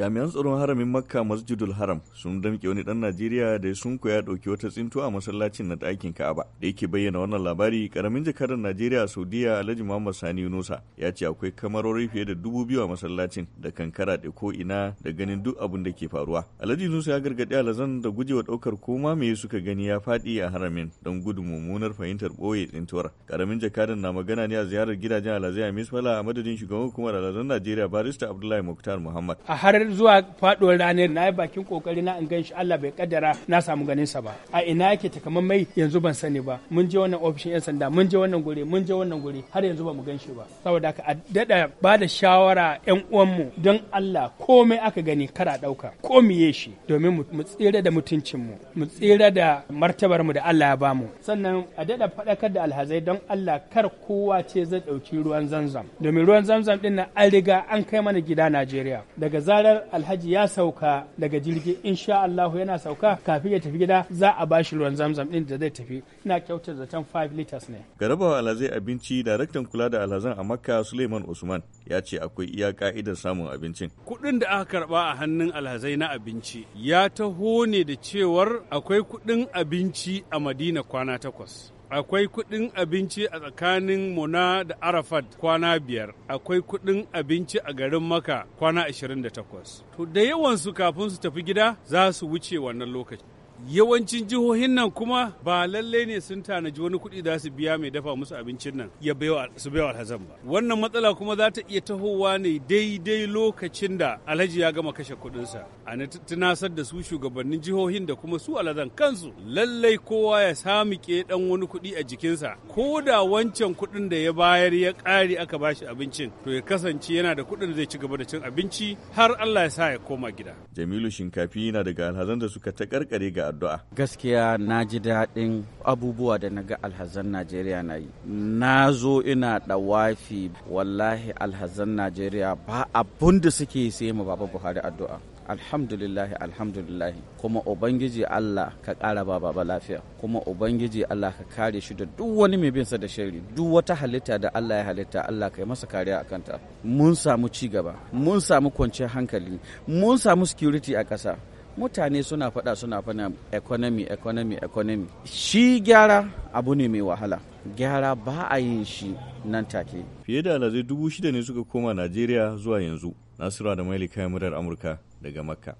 jami'an tsaron haramin makka masjidul haram sun damke wani dan najeriya da ya sunku ya ɗauki wata tsinto a masallacin na ɗakin ka'aba da yake bayyana wannan labari karamin jakadar najeriya saudiya alhaji muhammad sani yunusa ya ce akwai kamarori fiye da dubu biyu a masallacin da kankara da ko ina da ganin duk abin da ke faruwa alhaji yunusa ya gargaɗi alazan da gujewa ɗaukar koma me suka gani ya faɗi a haramin don gudun mummunar fahimtar ɓoye tsintuwar karamin jakadar na magana ne a ziyarar gidajen alazai a misfala a madadin shugaban hukumar alazan najeriya barista abdullahi muktar muhammad a harar zuwa faɗuwar ranar na yi bakin kokari na in gan shi Allah bai kaddara na samu ganin sa ba a ina yake mai yanzu ban sani ba mun je wannan ofishin yan sanda mun je wannan gure mun je wannan gure har yanzu ba mu gan shi ba saboda haka a dada ba da shawara yan uwan mu don Allah komai aka gani kara dauka ko yi shi domin mu tsira da mutuncin mu mu tsira da martabar mu da Allah ya bamu sannan a dada fadakar da alhazai don Allah kar kowa ce zai dauki ruwan zamzam domin ruwan zamzam din nan an riga an kai mana gida Najeriya daga zarar alhaji ya sauka daga jirgi insha Allahu yana sauka kafin ya tafi gida za a bashi ruwan zamzam din da zai tafi ina kyautar zaton 5 liters ne garaba alhazai abinci daraktan kula da alhazan a makka suleiman usman ya ce akwai iya ka'idar samun abincin kuɗin da aka karba a hannun alhazai na abinci ya taho ne da cewar akwai kuɗin abinci a madina kwana takwas akwai kuɗin abinci a tsakanin muna da arafat kwana biyar akwai kuɗin abinci a garin maka kwana 28 to da yawansu kafin su tafi gida za su wuce wannan lokaci yawancin jihohin nan kuma ba lallai ne sun tanaji wani kuɗi za su biya mai dafa musu abincin nan ya su baiwa alhazan ba wannan matsala kuma za ta iya tahowa ne daidai lokacin da alhaji ya gama kashe kuɗinsa a na tunasar da su shugabannin jihohin da kuma su alhazan kansu lallai kowa ya sami ke dan wani kuɗi a jikinsa ko da wancan kuɗin da ya bayar ya ƙari aka bashi abincin to ya kasance yana da kuɗin da zai ci gaba da cin abinci har Allah ya sa ya koma gida Jamilu Shinkafi yana daga alhazan da suka ta karkare ga addu'a gaskiya na ji daɗin abubuwa da na ga alhazan najeriya na yi na zo ina da wafi. wallahi alhazan najeriya ba abun da suke sai mu baba buhari addu'a alhamdulillahi alhamdulillahi kuma ubangiji Allah ka ƙara ba baba lafiya kuma ubangiji Allah ka kare shi da duk wani mai binsa da shari duk wata halitta da Allah ya halitta Allah ka yi masa kariya a kanta mun samu ci gaba mun samu kwanciyar hankali mun samu security a ƙasa mutane suna faɗa suna fana economy economy economy shi gyara abu ne mai wahala gyara ba a yin shi nan take fiye da alazai dubu shida ne suka koma najeriya zuwa yanzu nasiru da maili kayan murar amurka daga makka